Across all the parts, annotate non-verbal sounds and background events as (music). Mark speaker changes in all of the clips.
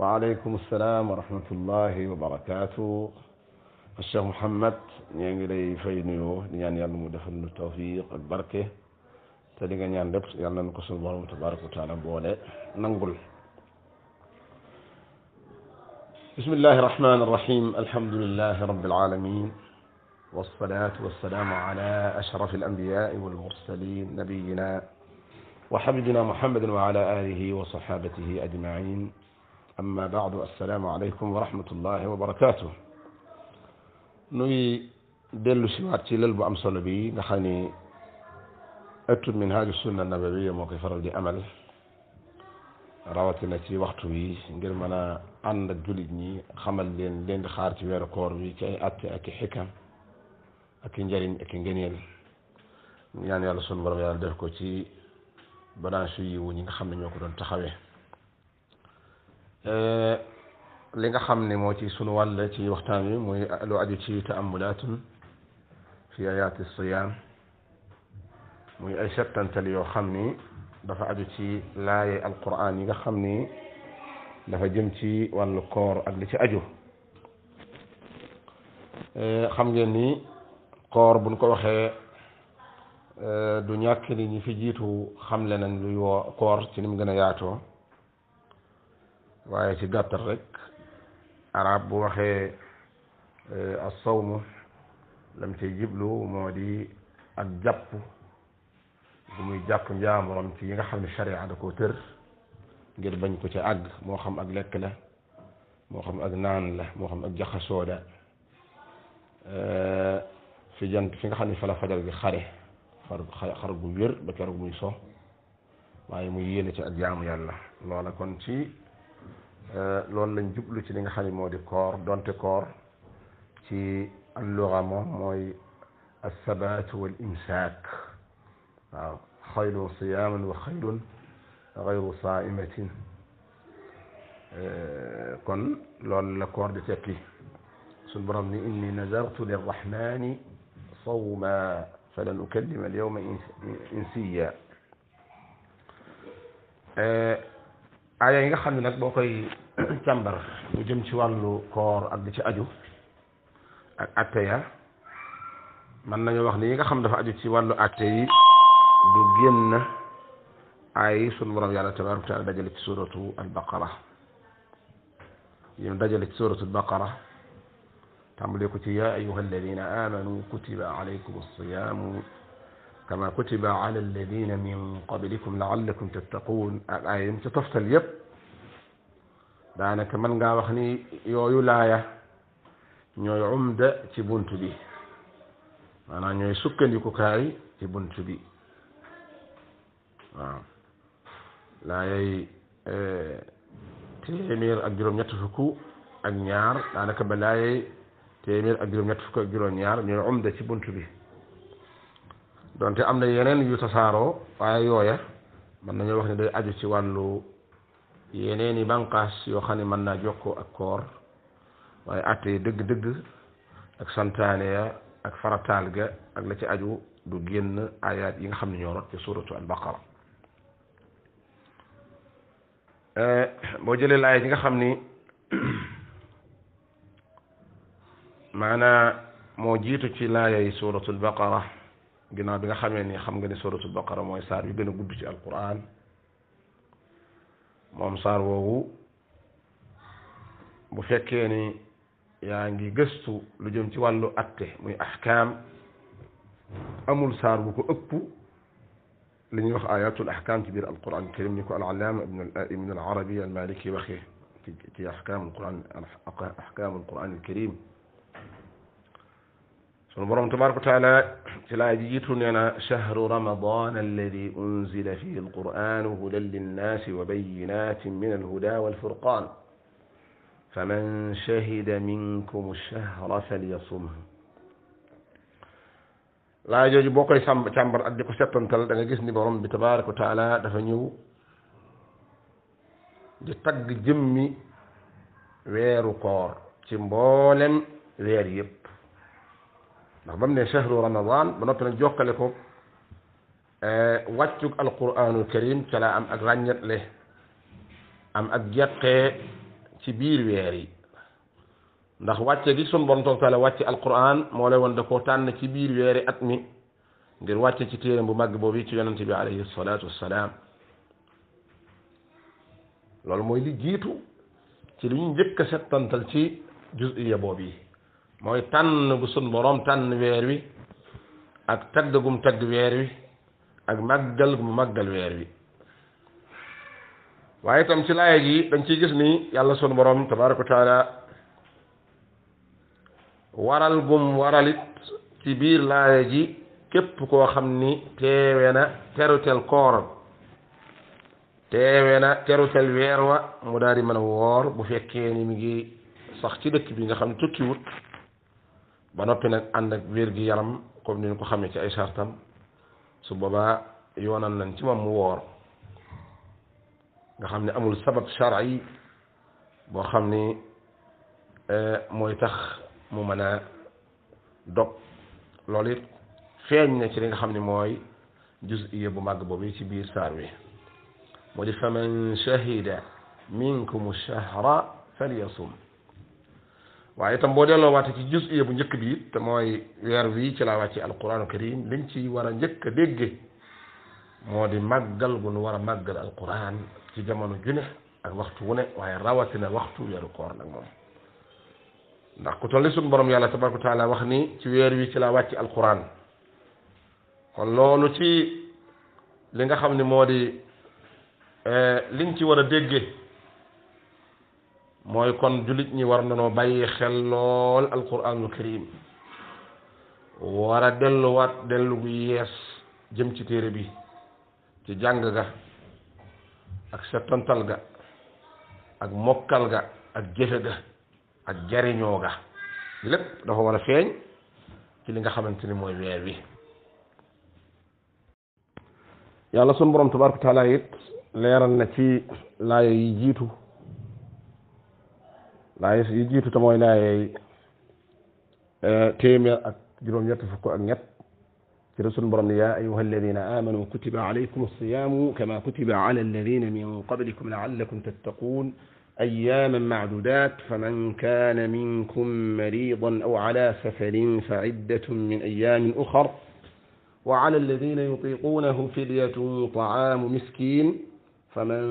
Speaker 1: وعليكم السلام ورحمة الله وبركاته الشيخ محمد نيانغي لي فينيو نيان يالله مو دافل نو توفيق اك بركه تا ديغا نيان ديب يالنا نكو تبارك وتعالى بوله نانغول بسم الله الرحمن الرحيم الحمد لله رب العالمين والصلاة والسلام على أشرف الأنبياء والمرسلين نبينا وحبيبنا محمد وعلى آله وصحابته أجمعين amma baadu assalaamu aleykum wa rahmatullahi wa barakaatu nuy dellu siwaat ci lël bu am solo bi nga xam ni ëttu minhaaju sunna nabawiya moo koy faral di amal rawatina ci waxtu wi ngir mën a ànd ak jullit ñi xamal leen leen di xaar ci weeru koor bi ci ay atte ak i xikam ak i njëriñ ak i ngëneel ñaan yàlla sunu borom yàlla def ko ci balance yi wu ñi nga xam ne ñoo ko doon taxawee Euh, li nga xam ne moo ci sunu wàll ci waxtaan wi muy lu aju ci taamulaatun fi ayaati siyaam muy ay settantal yoo xam ni dafa aju ci laaye alquran yi nga xam ni dafa jëm ci wàllu koor ak li ci aju euh, xam ngeen ni koor buñ ko waxee euh, du ñàkk ni ñi fi jiitu xamle nañ luy woo koor ci ni mu gën a yaatoo waaye ci gàttal rek arab bu waxee as-sawmu lam ci jiblu moo di ak jàpp bu muy jàpp njaamuram ci yi nga xam ne sharia da koo tër ngir bañ ko ci àgg moo xam ak lekk la moo xam ak naan la moo xam ak jaxasoo la fi jant fi nga xam ne fa la fajar bi xare xar xar gu wér ba keroog muy so waaye muy yéene ci ak jaamu yàlla loola kon ci loolu lañ jublu ci li nga xam ne moo di koor donte koor ci alluga moom mooy assabaatu wal imsaak waaw xayrun siyaaman wa xayrun gayru saaimatin kon loolu la koor di tekki suñ borom ni inni nazartu lirrahmani sawma falan ukallima alyawma insiya aaya yi nga xam ne nag boo koy septembre mu jëm ci wàllu koor ak di ci aju ak atte ya man nañu wax ni yi nga xam dafa aju ci wàllu atte yi du génn ay sunu borom yàlla tabaraka taala dajale ci suratu albaqara yi dajale ci suratu albaqara tàmbalee ko ci yaa ayuha alladina amanu kutiba alaykum alsiyamu كما كتب على الذين من قبلكم لعلكم تتقون الآية تفصل يب daanaka mën ngaa wax ni yooyu laaya ñooy umda ci bunt bi maanaam ñooy sukkandiku kaay ci bunt bi waaw laayay eh, téeméer ak juróom-ñett fukk ak ñaar daanaka ba laayay téeméer ak juróom-ñett fukk ak juróom-ñaar ñooy umda ci bunt bi donte am na yeneen yu tasaaroo waaye yooya mën nañoo wax ne day aju ci wàllu yeneen i bànqaas yoo xam ne mën naa jokkoo ak koor waaye àttee dëgg-dëgg ak santaane ya ak farataal ga ak la ci aju du génn ayaat yi nga xam ne ñoo rot ci suuratu al-Baqara eh, boo jëlee laay yi nga xam ni (clears throat) maanaa moo jiitu ci laayay suuratu al-Baqara bi nga xamee ni xam nga ni suuratu al mooy saar bi gën a gudd ci alquran moom saar woowu bu fekkee ni yaa ngi gëstu lu jëm ci wàllu atte muy ahkaam amul saar bu ko ëpp li ñuy wax ayatul ahkaam ci biir alquran karim ni ko alallaama ibn alarabi almaliki waxee ci ci ahkaam alquran ahkaam alquran alkarim سن برم تبارك وتعالى تلاقي جيتون أنا شهر رمضان الذي أنزل فيه القرآن هدى للناس وبينات من الهدى والفرقان فمن شهد منكم الشهر فليصمه لا جوج بوكاي سام تامبر ادي كو سيتون تال بروم تبارك وتعالى دا فا نيو دي تاغ جيمي ndax ba mu ne ba noppi nag jokkale ko eh, wàccug alquranul karim ca am ak ràññetle am ak jeqee ci biir weer yi ndax wàcce gi sun borom toog taala wàcce alquran moo lay woon da koo ci biir weeri at mi ngir wàcce ci téeram bu màgg boobu ci yonente bi alayhi salaatu wassalaam loolu mooy li ci li ñu settantal ci jusiya boobu yi mooy tànn bu sun borom tànn weer wi ak tagg gum tagg weer wi ak màggal mu màggal weer wi waaye itam ci laaya gi dañ ciy gis ni yàlla sun borom tabaaraka wa taala waral gum waralit ci biir laaya ji képp koo xam ni teewe na terutel kooram teewe na terutel weer wa mu daal di mën a woor bu fekkee ni mi ngi sax ci dëkk bi nga xam ne tukkiwut ba noppi nag ànd ak wér gi yaram comme ni ñu ko xamee ci ay sartam su boobaa yoonal nañ ci moom mu woor nga xam ne amul sabab shar'i boo xam ni mooy tax mu mën a dog loolu it feeñ na ci li nga xam ne mooy juz'iyya bu màgg boobu ci biir saar wi moo di faman shahida minkum shahra falyasum waaye itam boo delloo waate ci jus iya bu njëkk bi it mooy weer wi ci laa wàcce alquranu karim liñ ci war a njëkk a dégge moo di màggal gu nu war a màggal alquran ci jamono ju ne ak waxtu wu ne waaye rawatina waxtu weeru koor nag moom ndax ku toll suñ borom yàlla tabaraqa wa taala wax ni ci weer wi ci laa wàcce alquran kon loolu ci li nga xam ni moo di eh, liñ ci war a déggee mooy kon jullit ñi war na nañoo bàyyi xel lool alquranul karim war a delluwaat dellu gu yees jëm ci téere bi ci jàng ga ak settantal ga ak mokkal ga ak jëfe ga ak jariñoo ga lépp dafa war a feeñ ci li nga xamante ni mooy weer wi yàlla sunu borom tabaraka taala it leeral na ci laaya yi jiitu laay yi jiitu te mooy laayey téeméer ak juróom-ñett fukk ak ñett ci la sunu borom ne yaa ayuha alladina amanu kutiba alaykum alsiyamu kama kutiba ala alladina min qablikum laallakum tattaqun أياما معدودات فمن كان منكم مريضا أو على سفر فعدة من أيام أخر وعلى الذين يطيقونه فدية طعام مسكين فمن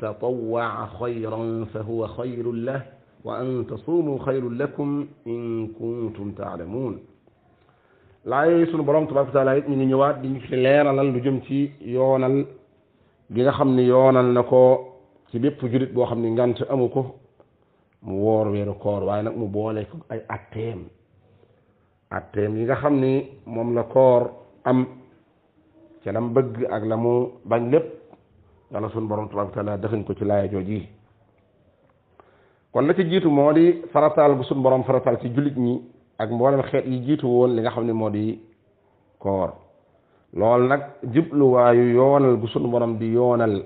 Speaker 1: تطوع خيرا فهو خير له وأن تصوموا خير لكم إن كنتم تعلمون laay sunu borom tabaaraka taala it ñu ñëwaat di ñu fi leeralal lu jëm ci yoonal gi nga xam ni yoonal na ko ci bépp julit boo xam ni ngant amu ko mu woor weeru koor waaye nag mu boole ko ay atteem atteem yi nga xam ni moom la koor am ca lam bëgg ak la mu bañ lépp yàlla sunu borom tabaaraka taala dëxañ ko ci laaya jooji kon la ci jiitu moo di farataal gu suñ borom farataal ci jullit ñi ak mboolem xeet yi jiitu woon li nga xam ne moo di koor lool nag jubluwaayu yoonal gu suñ borom di yoonal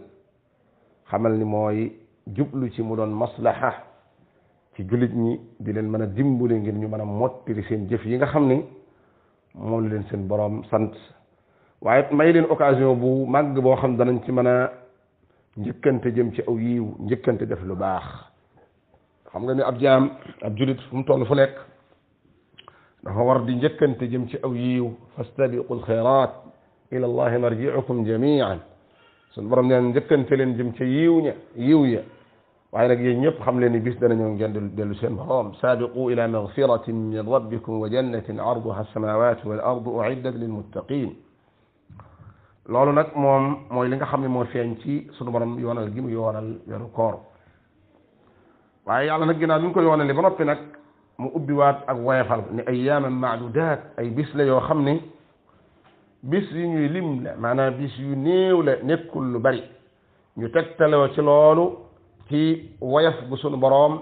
Speaker 1: xamal ni mooy jublu ci mu doon maslaha ci jullit ñi di leen mën a dimbali ngir ñu man a mottali seen jëf yi nga xam ni moom la leen seen boroom sant waaye may leen occasion bu màgg boo xam danañ ci mën a njëkkante jëm ci aw yiw njëkkante def lu baax xam nga ne ab jaam ab julit fu mu toll fu nekk dafa war di njëkkante jëm ci aw yiiw fastabiqul xayraat ila allahi marjiukum jamian suñ borom neen njëkkante leen jëm ci yiiw ña yiw ya waaye nag yéen ñëpp xam leen ni bis danañoo ngeen dellu seen borom saabiqu ila magfiratin min rabbikum wa jannatin arduha alsamawatu wal ardu uiddat lilmuttaqin loolu nag moom mooy li nga xam ne moo feeñ ci sunu borom yoonal gi mu yoonal weeru koor waaye yàlla nag ginnaaw bi mu ko yoonale ba noppi nag mu ubbiwaat ak woyafal ni ayyaaman maadudaat ay bis la yoo xam ne bis yu ñuy lim la maanaam bis yu néew la nekkul lu bari ñu tegtaloo ci loolu ci woyaf gu sunu boroom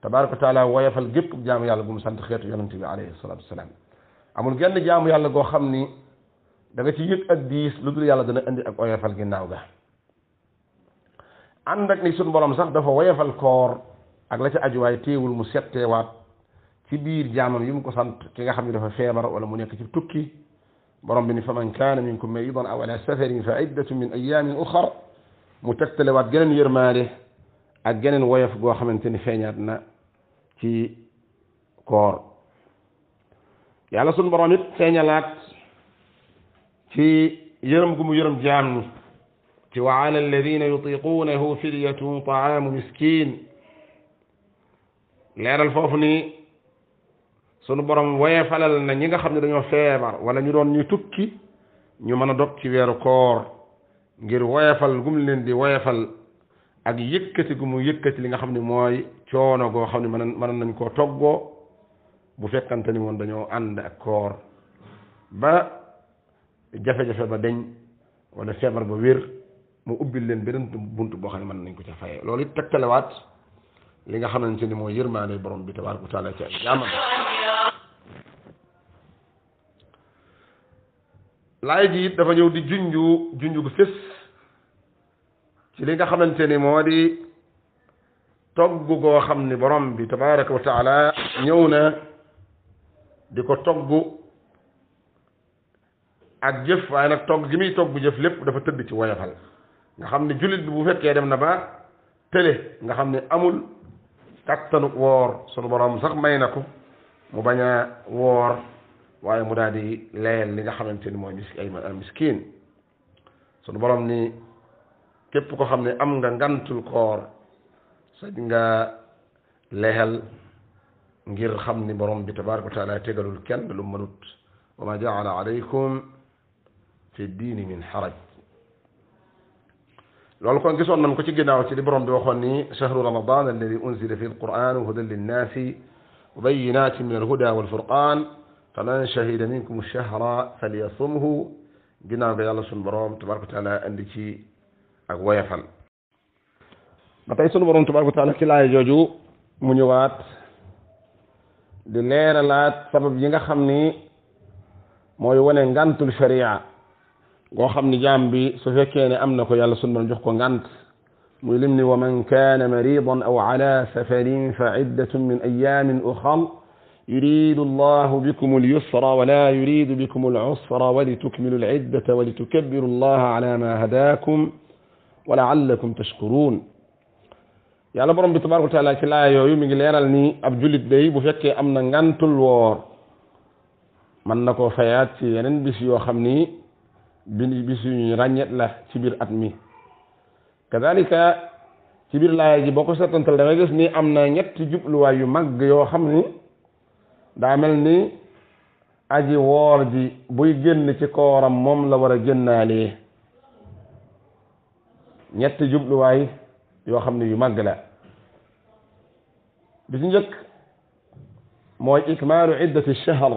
Speaker 1: tabaraka wa taala woyafal gépp jaamu yàlla bu mu sant xeetu yonente bi alayhi salatu wasalaam amul genn jaamu yàlla goo xam ni da ci yëg ak diis lu dul yàlla dana indi ak woyafal ginnaaw ga ànd ak ni sunu boroom sax dafa woyafal koor ak la ci ca way téewul mu sette wat ci biir jaamam yi mu ko sant ki nga xamni dafa febar wala mu nekk ci tukki borom bi ni faman kana minkum maydan aw ala safarin fa iddatu min ayamin uxar mu wat geneen yermale ak geneen woyof go xamanteni feñat na ci koor yàlla sun borom nit feñalat ci yërëm gumu mu yërëm jaam ci wa ala alladina yutiquunahu fidyatun ta'am miskin leeral foofu nii sunu borom woye falal na ñi nga xam ne dañoo feebar wala ñu doon ñuy tukki ñu mën a dog ci weeru koor ngir woyefal gum leen di woyefal ak yëkkati gu mu yëkkati li nga xam ne mooy coono goo xam ne mën mën nañ koo toggoo bu fekkante ni woon dañoo ànd ak koor ba jafe-jafe ba deñ wala feebar ba wér mu ubbil leen beneen bunt boo xam ne mën nañ ko ca faye loolu it tegtalewaat li nga xamante ni mooy yërmaande borom bi tabaaraka wa taala ci ay jaamam laay ji dafa ñëw di junju junju bu fés ci li nga xamante ni moo di togg goo xam ni borom bi tabaaraka wa ñëw na di ko togg ak jëf waaye nag togg gi muy togg jëf lépp dafa tëdd ci woyafal nga xam ne jullit bi bu fekkee dem na ba tële nga xam ne amul kattanu woor sunu borom sax may na ko mu bañ a woor waaye mu daal di layal li nga xamante ni mooy mis ay al miskin sunu borom ni képp ko xam ne am nga ngantul koor sañ nga leyal ngir xam ni borom bi tabaraka wa taala tegalul kenn lu mënut wa ma jaala alaykum fi diini min xaraj loolu kon gisoon nañ ko ci ginnaaw ci li borom bi waxoon ni shahru ramadan alladi unzila fi alquran hudan linnaasi wa bayinatin min alhuda walfurqan faman shahida minkum shahra falyasumhu ginnaaw nga yàlla sunu borom tabaraka wa taala andi ci ak woyafal ba tey sunu borom tabaraka wa taala ci laay jooju mu ñëwaat di leeralaat sabab yi nga xam ni mooy wane ngantul sharia goo xam ni jaam bi su fekkee ne am na ko yàlla sun borom jox ko ngant muy lim ni wa man kaana maridan aw ala safarin fa iddatun min ayamin uxar يريد الله بكم اليسر ولا يريد بكم العسر ولتكملوا العدة ولتكبروا الله على ما هداكم ولعلكم تشكرون yàlla borom bi tabaraka taala ci laaya yooyu mi ngi leeral ni ab julit day bu fekkee am na ngantul woor mën na koo fayaat ci yeneen bis yoo xam ni bi bis ñu ràññeet la ci biir at mi kadalika ci biir ji boo ko seetantal da ni am na ñetti jubluwaay yu mag yoo xam ni daa mel ni aji woor ji buy génn ci kooram moom la war a génnaalee ñetti jubluwaay yoo xam ne yu mag la bi ci njëkk mooy ikmaalu iddati shahr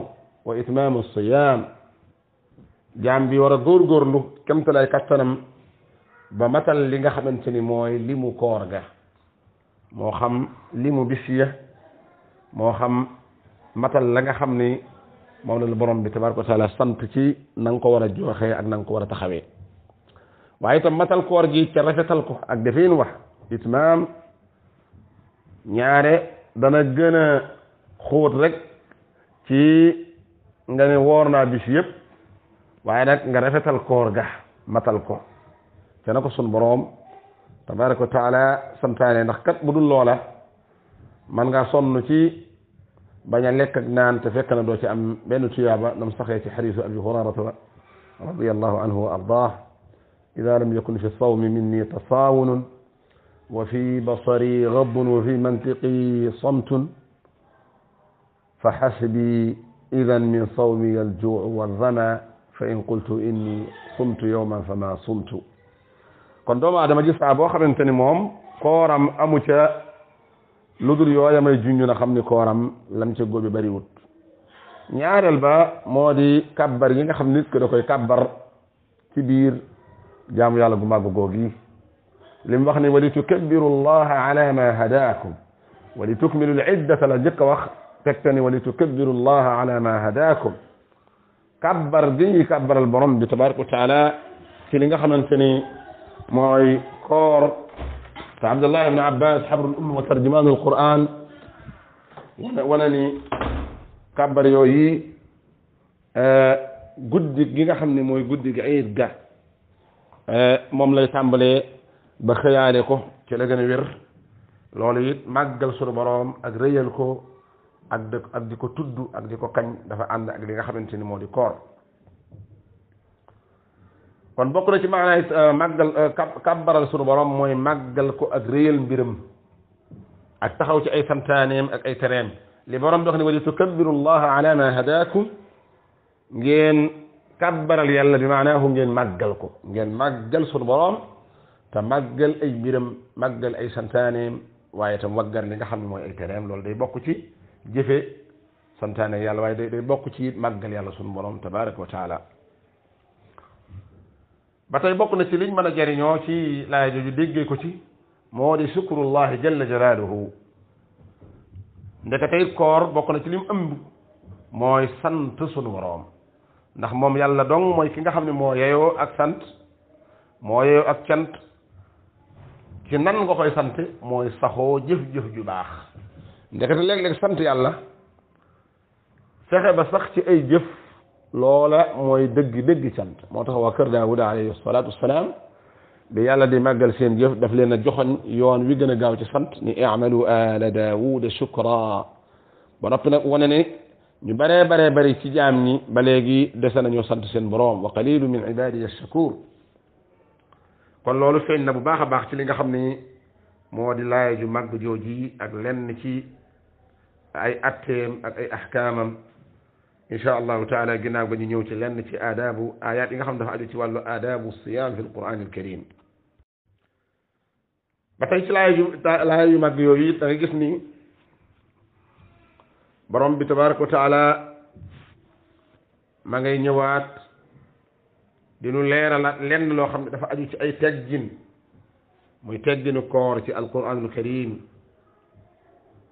Speaker 1: wa itmaamu siyaam jaam bi war a góor góorgóorlu kemtalaay kattanam ba matal li nga xamante ni mooy li mu koor ga moo xam limu mu bis ya moo xam matal la nga xam ni moom la borom bi tabaaraka wa taala sant ci na ko war a jooxee ak nang ko war a taxawee waaye itam matal koor gi ca rafetal ko ak defin wax itmaam ñaare dana gën a xóot rek ci nga ne woor naa bis yëpp waaye nag nga rafetal koor ga matal ko te na ko sun boroom tabaraka wa taala santaane ndax kat bu dul loola man ngaa sonn ci bañ a lekk ak naan te fekk na doo ci am benn tuyaaba nam saxee ci xarisu abi hurayrata radiallahu anhu wa ardah ida lam yakun fi sawmi minni tasaawunun wa fi basari gabun wa fi mantiqi samtun fa xasbi idan min sawmi aljuu walzama fa in qultu inni sumtu yawman fa ma sumtu kon doomu aadama ji saa boo xamante ni moom kooram amu ca lu dul yooya may junj na xam ni kooram lam ca góobi bariwut ñaareel ba moo di kabbar yi nga xam nit ko da koy kabbar ci biir jaamu yàlla gu màgg googi li mu wax ni wali tukabbiru allaha ala ma hadaakum wali tukmilu l iddata la jëkk a wax tegte ni wali tukabbiru allaha ala ma hadaakum kabbar gi ñuy kabbaral borom bi tabaraka wa taala ci li nga xamante ni mooy koor te abdullah ibn abbas xabrul umma wa tarjumaanu alquran wana ni kabbar yooyu eh, guddi gi nga xam ne mooy guddi gi ayit ga eh, moom lay tàmbalee ba xëyaale ko ci la gën a wér loolu it màggal sunu boroom ak rëyal ko ak di ak di ko tudd ak di ko kañ dafa ànd ak li nga xamante ni moo di koor kon bokk na ci maanaay màggal kàbbaral sunu borom mooy màggal ko ak réyal mbiram ak taxaw ci ay santaaneem ak ay tereem li borom bi wax ne wa li tukabbiru llaha ala ma hadaakum ngeen kàbbaral yàlla bi maanaahu ngeen màggal ko ngeen màggal sunu borom te màggal ay mbiram màggal ay santaaneem waaye tam waggar li nga xam ne mooy ay tereem loolu day bokk ci jëfe santaane yàlla waaye day day bokk ci màggal yàlla sunu borom tabaraka wa taala ba tey bokk na ci liñ mën a jariñoo ci laaya jooju déggee ko ci moo di sukkurullahi jalla jalaaluhu ndeke tey koor bokk na ci lim ëmb mooy sant sunu borom ndax moom yàlla dong mooy ki nga xam ne moo yeyoo ak sant moo yeyoo ak cant ci nan nga koy sant mooy saxoo jëf-jëf ju baax ndekete léeg-léeg sant yàlla fexe ba sax ci ay jëf loola mooy dëgg dëgg sant moo tax waa kër Daawuda alayhi salaatu wassalaam bi yàlla di màggal seen jëf daf leen a joxoñ yoon wi gën a gaaw ci sant ni i'malu ala daawuda shukra ba noppi nag wane ni ñu baree baree bari ci jaam ñi ba léegi dese nañoo sant seen boroom wa qalilu min ibadiya shakur kon loolu feeñ na bu baax a baax ci li nga xam ni moo di laaya ju màgg jooji ak lenn ci ay atteem ak ay ahkaamam incha allahu taala ginnaaw ba ñu ñëw ci lenn ci aadaabu ayaat yi nga xam dafa aju ci wàllu aadaabu siyaam fi alquran alkarim ba tey ci laaya yu laaya yu gis ni borom bi tabaraka wa ma ngay ñëwaat di nu leeralaat lenn loo xam ne dafa aju ci ay teggin muy tegginu koor ci alquranul karim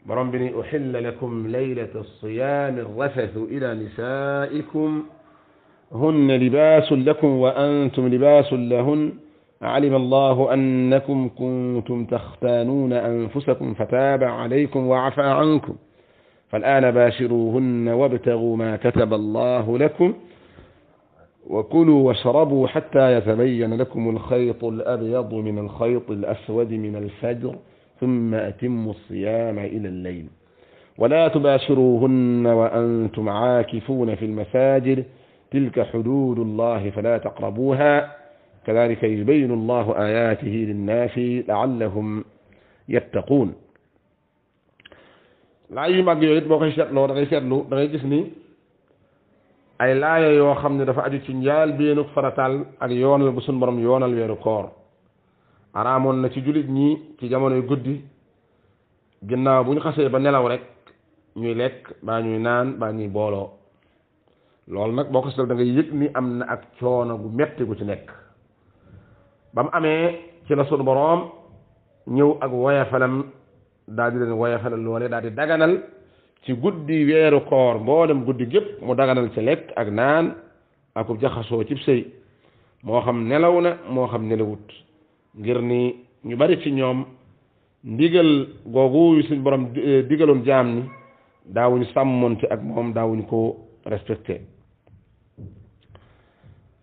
Speaker 1: borom bi أحل لكم ليلة الصيام الرفث إلى نسائكم هن لباس لكم وأنتم لباس لهن علم الله أنكم كنتم تختانون أنفسكم فتاب عليكم وعفى عنكم فالآن باشروهن وابتغوا ما كتب الله لكم وكلوا واشربوا حتى يتبين لكم الخيط الأبيض من الخيط الأسود من الفجر ثم أتموا الصيام إلى الليل ولا تباشروهن وأنتم عاكفون في المساجد تلك حدود الله فلا تقربوها كذلك يبين الله آياته للناس لعلهم يتقون لا يمكن أن يتبقى أي لا يوخم نرفع جتنجال بينك فرطال أليون البسن برم يون الويركور araamoon na ci jullit ñi ci jamonoy guddi ginnaaw bu ñu xasee ba nelaw rek ñuy lekk baa ñuy naan baa ñuy booloo loolu nag boo ko seetal da yëg ni am na ak coono gu metti gu ci nekk ba mu amee ci la sunu boroom ñëw ak woyafalam daal di leen woyafalal loole daal di daganal ci guddi weeru koor mboolem guddi gépp mu daganal ci lekk ak naan aku jaxasoo cib sëy moo xam nelaw na moo xam nelawut ngir ni ñu bari ci ñoom ndigal googu suñ borom eh, digaloon jaam ni daawuñu sàmmoonte ak moom daawuñu ko respecté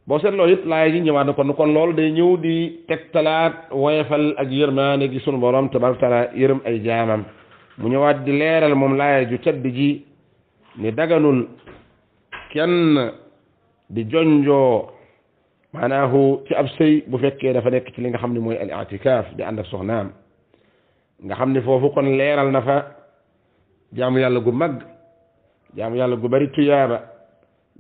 Speaker 1: boo seet loo it laay ji ñëwaat na kon lool loolu ñëw di tegtalaat woyefal ak yërmaane gi sunu borom tabaaraka taala yërëm ay jaamam mu ñëwaat di leeral moom laay ju tedd ji ni daganul kenn di jonjoo maanaahu ci ab sëy bu fekkee dafa nekk ci li nga xam ne mooy al itikaaf di ànd ak soxnaam nga xam ne foofu kon leeral na fa jaamu yàlla gu mag jaamu yàlla gu bari tuyaaba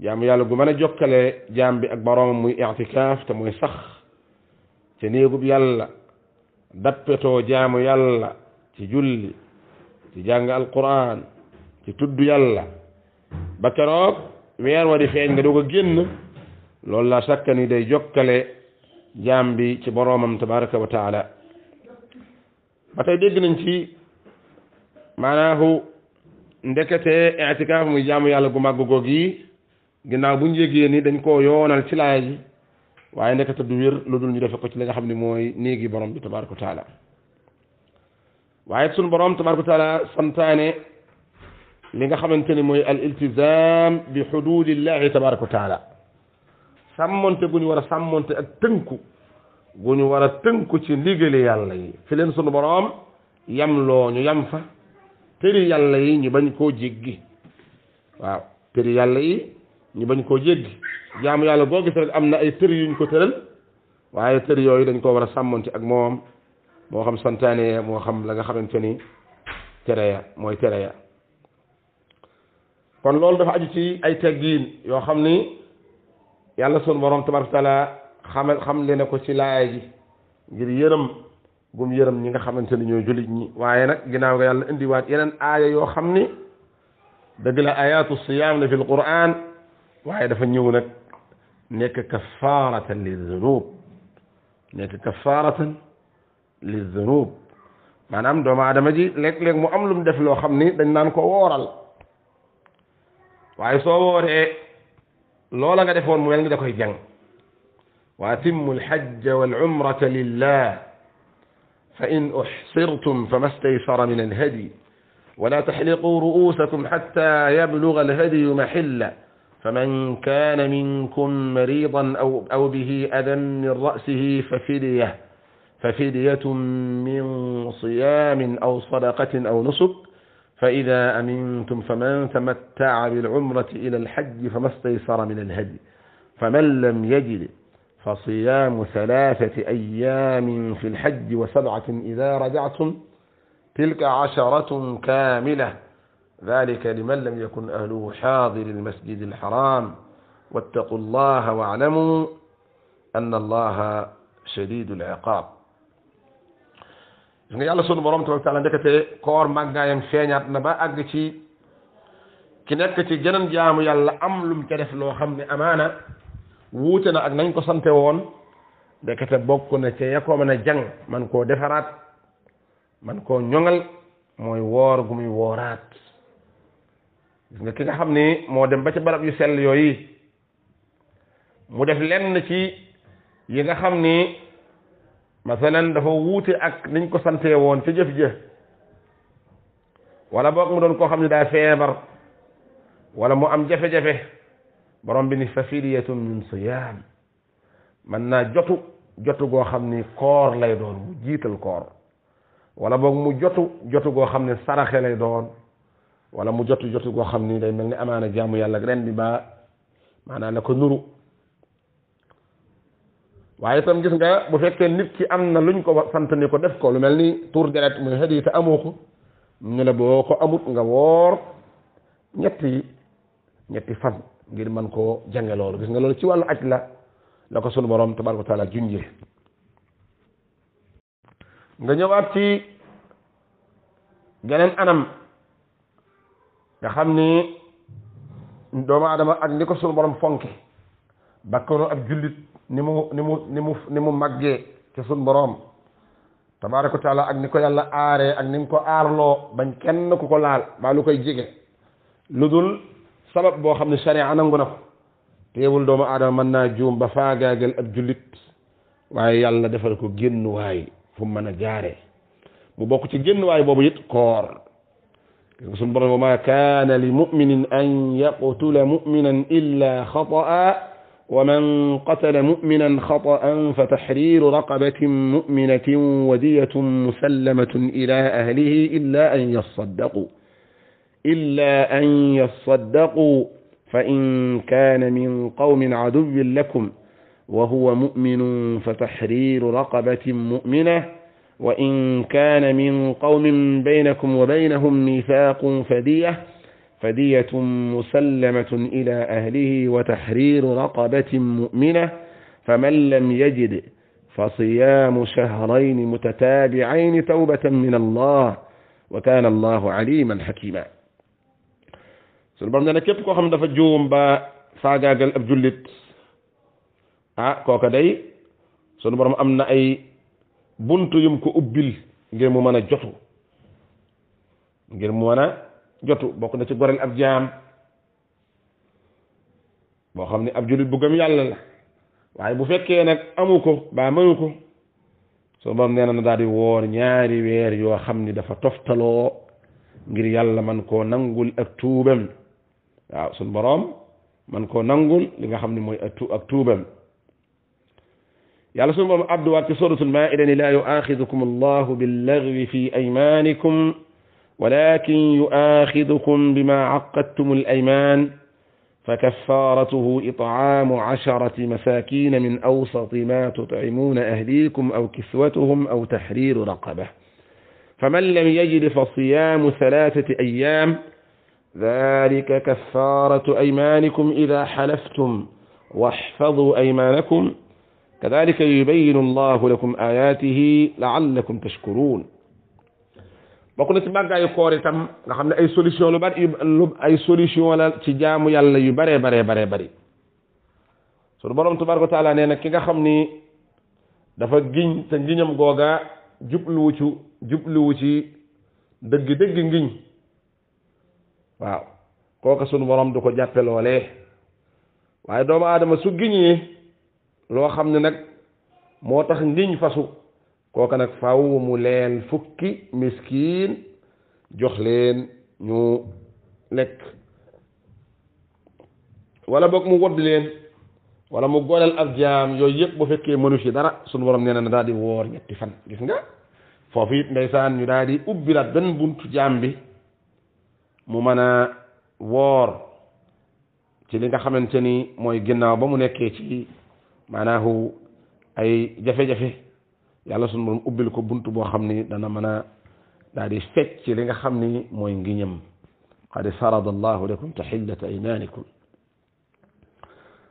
Speaker 1: jaamu yàlla gu man a jokkale jaam bi ak boroomam muy itikaaf te mooy sax te néegub yàlla dappetoo jaamu yàlla ci julli ci jàng alquran ci tudd yàlla ba keroog weer wa feeñ nga doog a génn loolu la sakkani day jokkale jaam bi ci boroomam tabaraka wa taala ba tey dégg nañ ci maanaahu ndekete itikaaf muy jaamu yàlla gu màgg goog yi ginnaaw bu ñu yégee ni dañ koo yoonal ci laaya ji waaye ndekete du wér lu dul ñu defe ko ci li nga xam ne mooy néegi borom bi tabaraka wa taala waaye sunu borom tabaraka wa taala santaane li nga xamante ni mooy al iltizam bi xududillahi tabaraka wa taala sàmmonte gu ñu war a sàmmonte ak tënku gu ñu war a tënku ci ndigali yàlla yi fi leen sunu boroom yam loo ñu yam fa tëri yàlla yi ñu bañ koo jéggi waaw tëri yàlla ñu bañ koo jéggi jaamu yàlla boo gis am na ay tëri yuñ ko tëral waaye tëri yooyu dañ koo war a sàmmonte ak moom moo xam santaane moo xam la nga xamante ni tere ya mooy tere ya kon loolu dafa aju ci ay teggiin yoo xam ni yàlla sun borom tabaaraka taala xamal xam le ko ci laay ji ngir yërëm gum yërëm ñi nga xamanteni ni ñoo jullit ñi waye nak ginaaw ga yàlla indi waat yenen aya yo xamni deug la ayatu siyam fi alquran waye dafa ñëw nak nek kafaratan lizunub nek kafaratan lizunub manam do ma doomu ji lek lek mu am lu mu def lo xamni dañ nan ko wooral waaye soo wooree لولا غادي فون مول نغي يعني داكوي جان واتم الحج والعمرة لله فإن أحصرتم فما استيسر من الهدي ولا تحلقوا رؤوسكم حتى يبلغ الهدي محلة فمن كان منكم مريضا أو, أو به أذى من رأسه ففدية ففدية من صيام أو صدقة أو نسك فإذا أمنتم فمن تمتع بالعمرة إلى الحج فما استيسر من الهدي فمن لم يجد فصيام ثلاثة أيام في الحج وسبعة إذا رجعتم تلك عشرة كاملة ذلك لمن لم يكن أهله حاضر المسجد الحرام واتقوا الله واعلموا أن الله شديد العقاب gis nga yàlla sunu borom tabaaraka taala ndekete koor màggaayam feeñaat na ba àgg ci ki nekk ci geneen jaamu yàlla am lum ca def loo xam ne amaana wuute na ak nañ ko sante woon ndekete bokk na ca ya ko mën jàng man koo defaraat man koo ñoŋal mooy woor gu muy wooraat nga ki nga xam ni moo dem ba ci barab yu sell yooyu mu def lenn ci yi nga xam ni مثلا دافو ووتي اك نين كو سانتي وون في جيف جيه ولا بوك مو دون كو خامن دا فيبر ولا مو ام جافي جافي بروم بني ففيريه من صيام من نا جوتو جوتو غو خامن كور لاي دون مو جيتال كور ولا بوك مو جوتو جوتو غو خامن سراخي لاي دون ولا مو جوتو جوتو غو خامن داي ملني امانه جامو يالا رين با معناها نكو نورو waaye tam gis nga bu fekkee nit ci am na luñ ko sant ni ko def ko lu mel ni tour deret muy xëy te amoo ko ñu ne boo ko amut nga woor ñetti ñetti fan ngir mën koo jànge loolu gis nga loolu ci wàllu aj la la ko sunu borom tabaaraka wa taala junjee nga ñëwaat ci geneen anam nga xam ni doomu aadama ak ni ko sunu borom fonke bakkanu ab jullit ni mu ni mu ni mu ni mu màggee ci suñ boroom tabaaraka taala ak ni ko yàlla aaree ak ni mu ko aarloo bañ kenn ku ko laal maa lu koy jege lu dul sabab boo xam ne sharia nangu na teewul doomu aadama mën naa juum ba faagaagal ab jullit waaye yàlla defal ko génn waay fu mu mën a jaaree mu bokk ci génn waay boobu it koor suñ boroom ma kaana li muminin an yaqtula muminan illa xataa ومن قتل مؤمنا خطأ فتحرير رقبة مؤمنة ودية مسلمة إلى أهله إلا أن يصدقوا إلا أن يصدقوا فإن كان من قوم عدو لكم وهو مؤمن فتحرير رقبة مؤمنة وإن كان من قوم بينكم وبينهم ميثاق فديه فدية مسلمة إلى أهله وتحرير رقبة مؤمنة فمن لم يجد فصيام شهرين متتابعين توبة من الله وكان الله عليما حكيما سلبرنا كيف كو خم دا فجوم با فاغاغل اب جوليت اه كوكا داي سونو بروم امنا اي بونتو يم كو اوبيل غير مو مانا جوتو غير مو مانا jotu bokk na ci goreel ab boo xam ne ab jullit bu gëm waaye bu fekkee nag amu ko baa mënu ko soo bam na na daal di woor ñaari weer yoo xam ni dafa toftaloo ngir yàlla man koo nangul ak tuubam waaw suñ boroom man koo nangul li nga xam ne mooy ak tuubam yàlla suñu boroom abduwaat ci suratul maa'ida ni laa fi aymanikum ولكن يؤاخذكم بما عقدتم الأيمان فكفارته إطعام عشرة مساكين من أوسط ما تطعمون أهليكم أو كسوتهم أو تحرير رقبة فمن لم يجد فصيام ثلاثة أيام ذلك كفارة أيمانكم إذا حلفتم واحفظوا أيمانكم كذلك يبين الله لكم آياته لعلكم تشكرون bokk na ci màggaayu koor itam nga xam ne ay solution lu bari lu ay solution la ci jaamu yàlla yu baree baree baree bari sunu borom tabaaraka taala nee nag ki nga xam ni dafa giñ te ngiñam googa jubluwu ci jubluwu ci dëgg-dëgg ngiñ waaw kooka sunu boroom du ko jàppe loolee waaye doomu aadama su giñee loo xam ne nag moo tax ngiñ fasu kooka nag faw mu leel fukki miskiin jox leen ñu lekk wala boog mu wodd leen wala mu goleel ab jaam yooyu yëpp bu fekkee mënu ci dara suñu borom nee na daal di woor ñetti fan gis nga foofu it ndeysaan ñu daal di ubbi la benn buntu jaam bi mu mën a woor ci li nga xamante ni mooy ginnaaw ba mu nekkee ci maanaahu ay jafe-jafe yàlla suñu borom ubbil ko bunt boo xam ni dana mën a daal li nga xam ni mooy ngiñam qad farada allahu lakum tahillata aymaanikum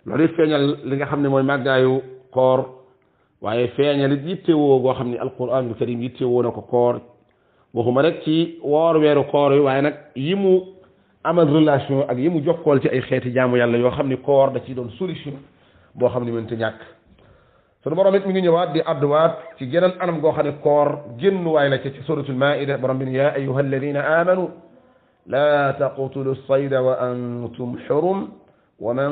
Speaker 1: loolu feeñal li nga xam ne mooy màggaayu koor waaye feeñal it yittewoo goo xam ne alquranul karim woo na ko koor waxuma rek ci woor weeru koor waaye nag yi mu amal relation ak yi mu jokkool ci ay xeeti jaamu yàlla yoo xam ni koor da ciy doon solution boo xam ne mënta ñàkk sunu borom nit mi ngi ñëwaat di adduwaat ci geneen anam goo xam ne koor génnuwaay la ca ci suratul maida borom bi ne yaa ayuha alladina amanu la taqtulu sayda wa antum xurum ومن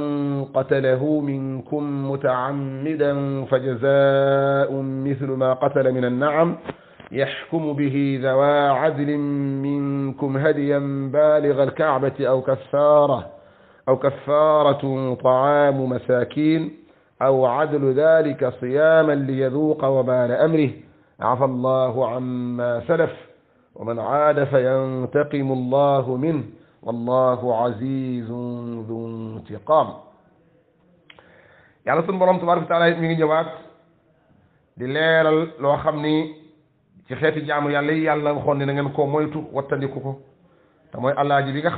Speaker 1: قتله منكم متعمدا فجزاء مثل ما قتل من النعم يحكم به ذوى عدل منكم هديا بالغ الكعبة أو كفارة أو كفارة طعام مساكين أو عدل ذلك صياما ليذوق وبال أمره عفى الله عما سلف ومن عاد فينتقم الله منه والله عزيز ذو انتقام يعني سن برام تبارك تعالى من جواب دي ليرال لو خامني سي خيتي جامو يالله يالله وخوني نغن كو مويتو واتانديكو كو الله جي بيغا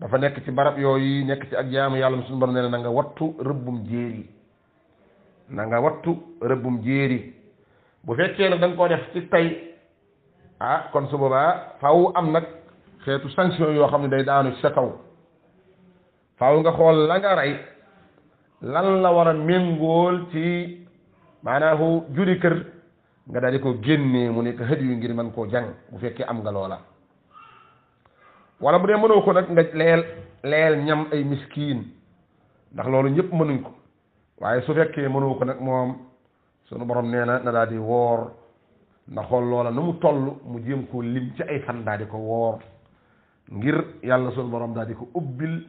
Speaker 1: dafa nekk ci barab yooyu nekk ci ak jaamu yàlla suñu borom nee na na nga wattu rëbbum jéeri nga wattu rëbbum jéeri bu fekkee nag da koo def ci tey ah kon su boobaa faaw am nag xeetu sanction yoo xam ne day daanu ci sa kaw faaw nga xool la nga rey lan la war a méngool ci maanaam juri kër nga daal di ko génnee mu nekk xëj yu ngir mën koo jàng bu fekkee am nga loola wala bu dee mënoo ko nag nga leel leel ñam ay miskiin ndax loolu ñëpp mënuñ ko waaye su fekkee mënoo ko nag moom sunu borom nee na na daal di woor na xool loola na mu toll mu jéem koo lim ci ay fan daal di ko woor ngir yàlla sunu borom daal di ko ubbil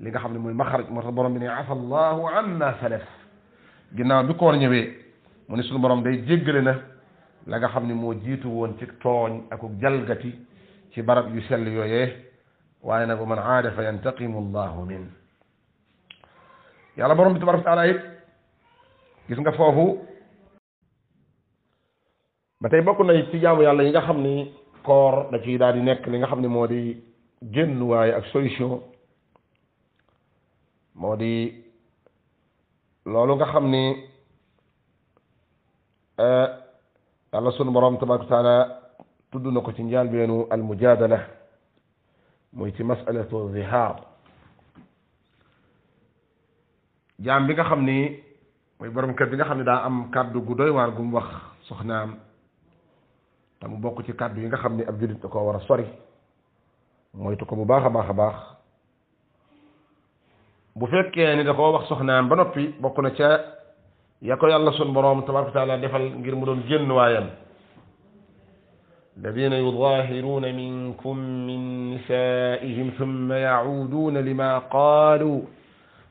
Speaker 1: li nga xam ne mooy maxaraj moo tax borom bi ne afa allahu anna salaf ginnaaw bi koor ñëwee mu ne sunu borom day jéggale na la nga xam ni moo jiitu woon ci tooñ ak jalgati ci barab yu sell yooyee waaye nag wa man aada fa yantaqimu allahu min yàlla borom bi tabaraka taala it gis nga foofu ba tey bokk na ci jaamu yàlla yi nga xam ni koor da ciy daal di nekk li nga xam ni moo di génn ak solution moo di loolu nga xam ni eh, yàlla sunu borom tabaraka taala tudd na ko ci njaalbeenu al mujadala muy ci masalatu zihaar jaam bi nga xam ni muy borom kër bi nga xam ne daa am kàddu gu doy waar gu mu wax soxnaan te bokk ci kàddu yi nga xam ni ab jullit da koo war a sori moytu ko bu baax a baax a baax bu fekkee ni da koo wax soxnaam ba noppi bokk na ca ya ko yàlla sun borom tabaraka taala defal ngir mu doon génn waayam الذين يظاهرون منكم من نسائهم ثم يعودون لما قالوا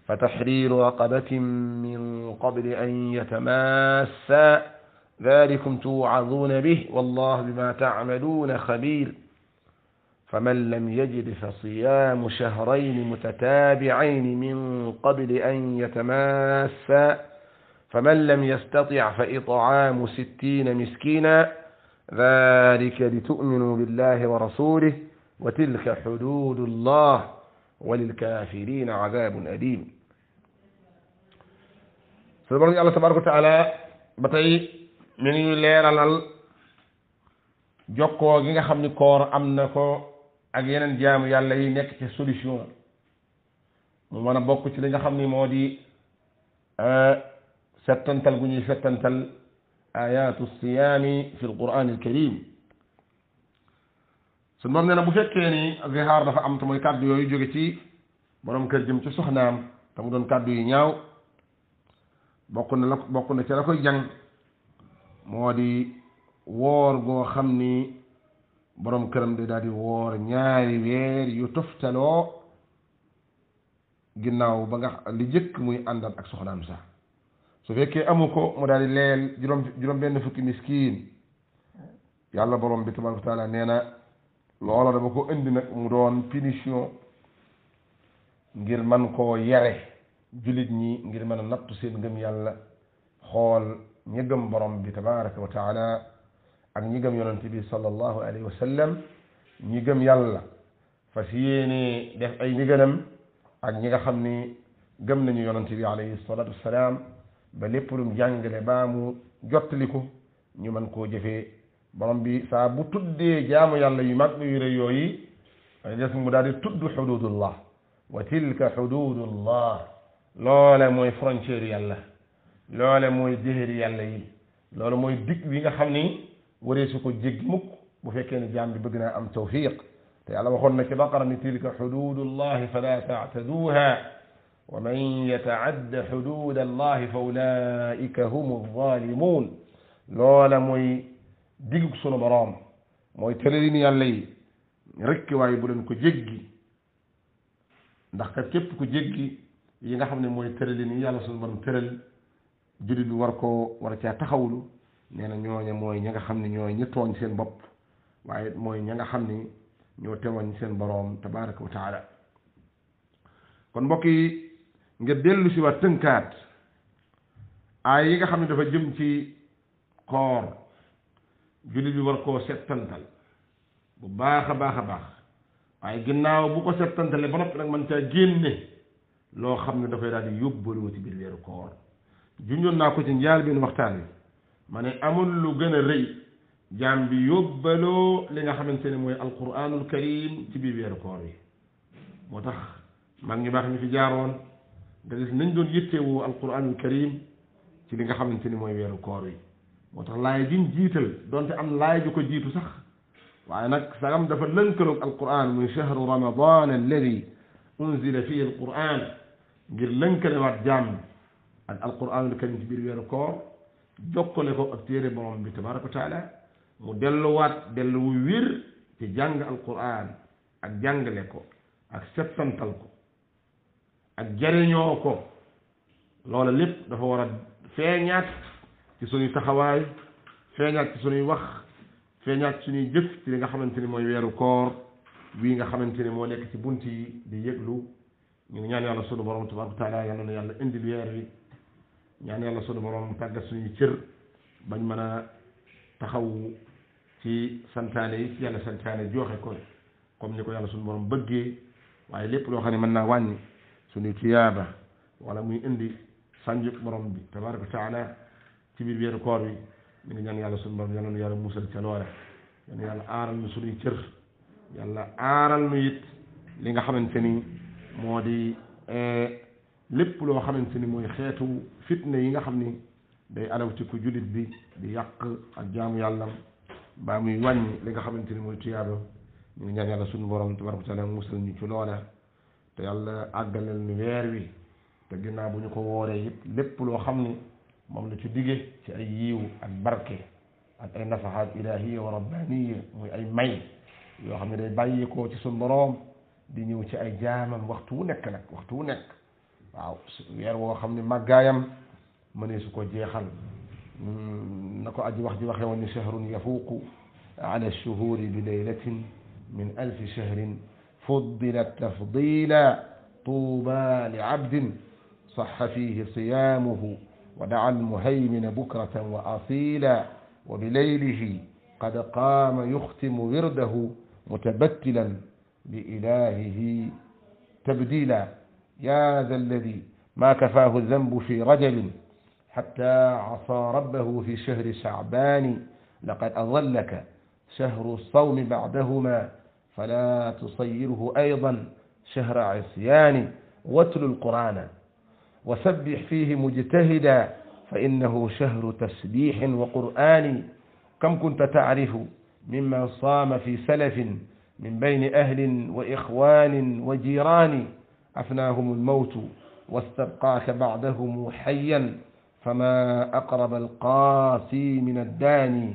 Speaker 1: فتحرير رقبة من قبل أن يتماسا ذلكم توعظون به والله بما تعملون خبير فمن لم يجد فصيام شهرين متتابعين من قبل أن يتماسا فمن لم يستطع فإطعام ستين مسكينا ذلك لتؤمنوا بالله ورسوله وتلك حدود الله وللكافرين عذاب أليم سبحانه الله تبارك وتعالى بتاي من ليرالال jokkoo gi nga xam ni koor am na ko ak yeneen jaamu yàlla yi nekk ci solution mu mën a bokk ci li nga xam ni moo di settantal gu ñuy settantal ayatu siyaami fi alquran alkarim suñ moom nee na bu fekkee ni zihaar dafa am te mooy kàddu yooyu jóge ci boroom kër jëm ci soxnaam te mu doon kàddu yu ñaaw bokk na la bokk na ci la koy jàng moo di woor goo xam ni boroom këram de daal di woor ñaari weer yu toftaloo ginnaaw ba nga li jëkk muy àndal ak soxnaam sax su fekkee amu ko mu daal di leel juróom juróom benn fukki miskiin yàlla borom bi tabaraka taala nee na loola dama ko indi nag mu doon punition ngir man koo yare jullit ñi ngir mën a nattu seen ngëm yàlla xool ñi gëm borom bi tabaraka wa taala ak ñi gëm yonent bi sallallahu alayhi wa sallam ñi gëm yàlla fas yéenee def ay ndigalam ak ñi nga xam ni gëm nañu yonent bi alayhi salatu wasalaam ba lépp lum jàngale baa mu jottali ko ñu man koo jëfee borom bi saa bu tuddee jaamu yàlla yu mag yu rëy yooyu des mu daal di tudd xududullah wa tilka xududullah loole mooy frontière yàlla loole mooy jéeri yàlla yi loolu mooy dig bi nga xam ni waree su ko jéggi mukk bu fekkee ne jaam bi bëgg naa am tawfiq te yàlla waxoon na ci baqara ni tilka xududullahi fala taataduha wa man yataadda xuduud allahi fa ulaika hum alzalimun loola mooy digug sunu boroom mooy tëralin yàlla yi rekk waaye bu leen ko jéggi ndax kat képp ku jéggi yi nga xam ne mooy tëralin yi yàlla sunu boroom tëral jullit bi war koo war caa taxawlu nee na ñooña mooy ña nga xam ne ñooy ñi tooñ seen bopp waaye mooy ña nga xam ni ñoo tewoñ seen boroom tabaraka wa taala kon mbokk yi nga dellu si waat tënkaat aay yi nga xam ne dafa jëm ci koor jullit bi war koo settantal bu baax a baax a baax waaye ginnaaw bu ko settantale ba noppi nag mën caa génne loo xam ne dafay daal di yóbbaloo ci biir weeru koor junjoon naa ko ci njaal benn waxtaan wi ma ne amul lu gën a rëy jaam bi yóbbaloo li nga xamante ne mooy alquranul karim ci biir weeru koor yi moo tax mag ñu baax ñu fi jaaroon nga gis nañ doon yittewoo alquranul karim ci li nga xamante ni mooy weeru koor yi moo tax laaya jiñ jiital donte am laaya ju ko jiitu sax waaye nag sagam dafa lënkaloog alquran muy chahru ramadan alladi unzila fihi alquran ngir lënkalewaat jàmm ak alquranul karim ci biir weeru koor jokkale ko ak téere borom bi tabaraka wa taala mu delluwaat delluwu wér ci jàng alquran ak jàngale ko ak settantal ko ak jariñoo ko loola lépp dafa war a feeñaat ci suñuy taxawaay feeñaat ci suñuy wax feeñaat ci suñuy jëf ci li nga xamante ni mooy weeru koor wii nga xamante ni moo nekk ci bunt yi di yëglu ñu ngi ñaan yàlla sunu borom tabaraka taala yàlla na yàlla indil weer wi ñaan yàlla sunu borom tàggat suñuy cër bañ mën a taxaw ci santaane yi ci yàlla santaane joxe ko comme ni ko yàlla suñu borom bëggee waaye lépp loo xam ne mën naa wàññi suñu tiyaaba wala muy indi sànjuk borom bi tabaraka wa ci biir weeru koor bi ñu ngi yàlla suñu borom yal na yàlla musal ca loola yàlla aaral nu suñuy cër aaral nu li nga xamante ni moo di eh, lépp loo xamante ni mooy xeetu fitne yi nga xam ni day alaw ci ku bi di yàq ak jaamu yàllam baa muy li nga xamante ni mooy tiyaaba ñu ngi ñaan yàlla suñu borom tabaraka wa taala musal ñu ci loola te yàlla àggaleel ni weer wi te ginnaaw bu ñu ko wooree yëpp lépp loo xam ni moom la ci digge ci ay yiiw ak barke ak ay nafahaat ilahiya wa rabbaniya muy ay may yoo xam ne day bàyyeekoo ci suñ boroom di ñëw ci ay jaamam waxtu wu nekk nag waxtu wu nekk waaw weer woo xam ne màggaayam mënee su ko jeexal hmm, na ko aji wax ji waxee woon ni shahrun yafuuqu ala shuhuri bi laylatin min alfi shahrin فضل التفضيل طوبى لعبد صح فيه صيامه ودعا المهيمن بكرة وأصيلا وبليله قد قام يختم ورده متبتلا بإلهه تبديلا يا ذا الذي ما كفاه الذنب في رجل حتى عصى ربه في شهر شعبان لقد أظلك شهر الصوم بعدهما فلا تصيره أيضا شهر عصيان واتل القرآن وسبح فيه مجتهدا فإنه شهر تسبيح وقرآن كم كنت تعرف ممن صام في سلف من بين أهل وإخوان وجيران أفناهم الموت واستبقاك بعدهم حيا فما أقرب القاسي من الداني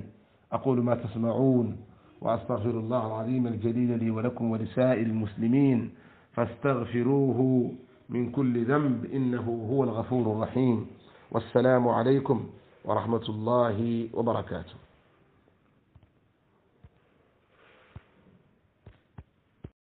Speaker 1: أقول ما تسمعون وأستغفر الله العظيم الجليل لي ولكم ولسائر المسلمين فاستغفروه من كل ذنب إنه هو الغفور الرحيم والسلام عليكم ورحمة الله وبركاته